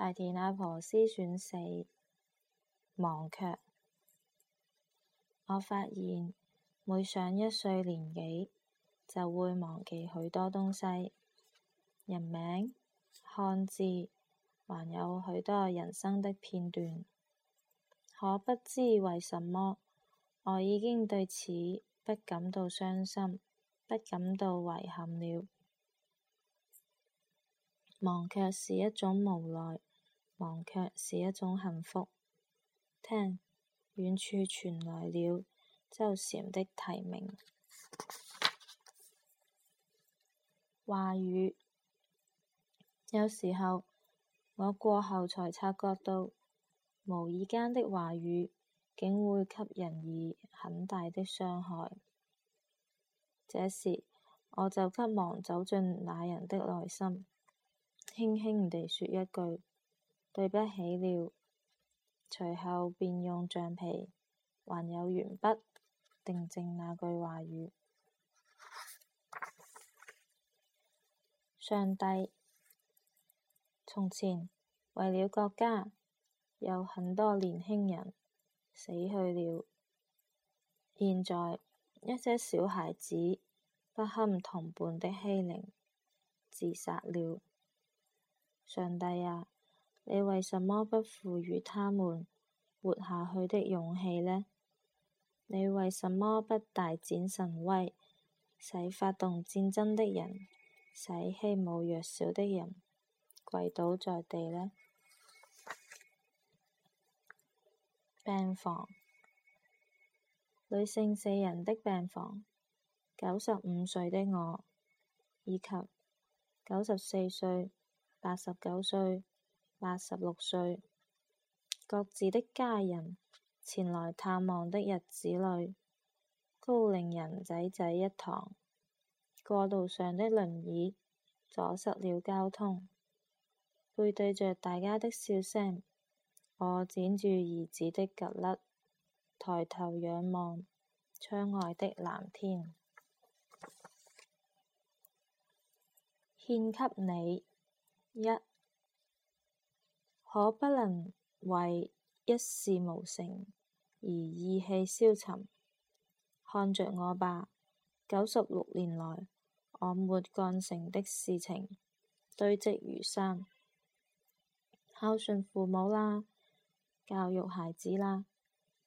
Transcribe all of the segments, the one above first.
大田阿婆思選四忘卻，我發現每上一歲年紀就會忘記許多東西，人名、漢字，還有許多人生的片段。可不知為什麼，我已經對此不感到傷心，不感到遺憾了。忘卻是一種無奈。忘卻是一種幸福。聽，遠處傳來了秋蟬的啼鳴。話語，有時候我過後才察覺到，無意間的話語，竟會給人以很大的傷害。這時，我就急忙走進那人的內心，輕輕地說一句。對不起了。隨後便用橡皮還有鉛筆訂正那句話語。上帝，從前為了國家有很多年輕人死去了，現在一些小孩子不堪同伴的欺凌自殺了。上帝啊！你為什麼不賦予他們活下去的勇氣呢？你為什麼不大展神威，使發動戰爭的人，使欺侮弱小的人跪倒在地呢？病房，女性四人的病房，九十五歲的我，以及九十四歲、八十九歲。八十六歲，各自的家人前來探望的日子裏，高齡人仔仔一堂。過道上的輪椅阻塞了交通，背對着大家的笑聲，我剪住兒子的胳肋，抬頭仰望窗外的藍天，獻給你一。可不能為一事無成而意氣消沉。看着我吧，九十六年來，我沒幹成的事情堆積如山。孝順父母啦，教育孩子啦，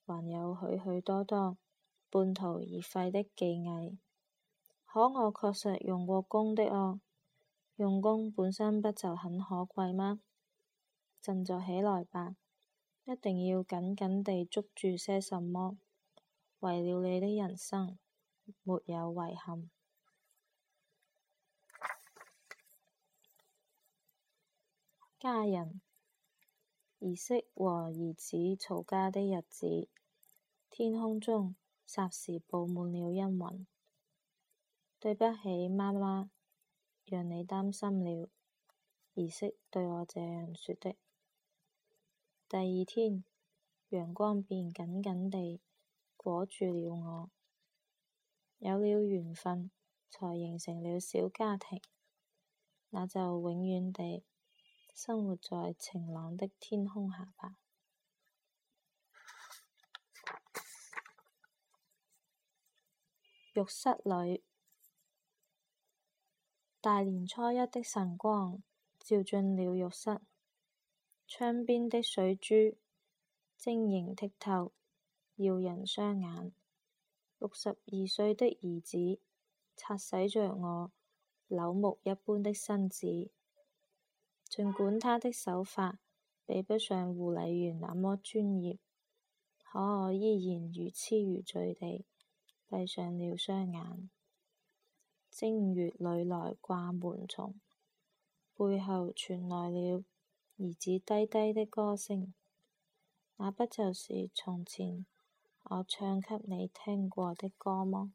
還有許許多多半途而廢的技藝，可我確實用過功的哦、啊。用功本身不就很可貴嗎？振作起來吧！一定要緊緊地捉住些什麼，為了你的人生沒有遺憾。家人、兒媳和兒子吵架的日子，天空中霎時布滿了陰雲。對不起，媽媽，讓你擔心了。兒媳對我這樣說的。第二天，陽光便緊緊地裹住了我。有了緣分，才形成了小家庭，那就永遠地生活在晴朗的天空下吧。浴室裡，大年初一的晨光照進了浴室。窗邊的水珠晶瑩剔透，耀人雙眼。六十二歲的兒子擦洗着我柳木一般的身子，儘管他的手法比不上護理員那麼專業，可我依然如痴如醉地閉上了雙眼。正月裏來掛門蟲，背後傳來了兒子低低的歌聲，那不就是從前我唱給你聽過的歌嗎？